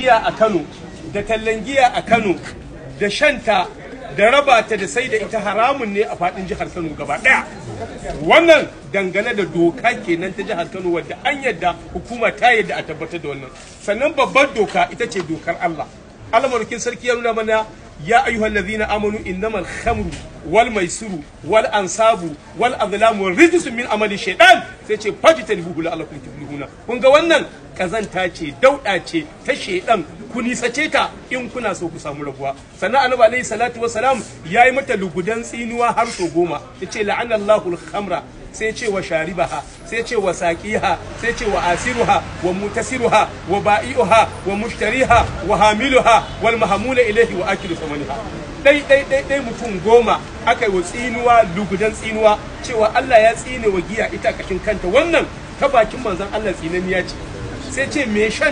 giya a Kano da tallan giya a Kano da shanta da raba ta da sai da ita haramun ne a faɗin jihar Kano gaba ɗaya wannan dangane da doka kenan ta jihar Kano wadda an yadda hukuma ta yadda a tabbatar da wannan sannan babbar doka ita ce dokar Allah almarkin sarki ya nuna mana ya ayyuhal ladhina amanu innamal khamru wal maisiru wal ansabu wal azlamu rijsun min amali shaytan sai ce fajtanibuhu la'allakum tuflihuna kun ga wannan kazanta ce dauda ce ta shedan ku nisace ta in kuna so ku samu rabuwa sannan annabi alayhi salatu wassalam yayi mata lugudan tsinuwa har so goma yace la'anallahu al-khamra sai ce wa sharibaha sai ce wa saqiha sai ce wa asiruha wa mutasiruha wa ba'i'uha wa mushtariha wa hamiluha wal mahmula ilayhi wa akilu samaniha dai dai dai dai mutum goma aka yi wa tsinuwa lugudan tsinuwa cewa Allah ya tsine wa giya ita kashin kanta wannan ta bakin manzon Allah tsinaniya ce você ce me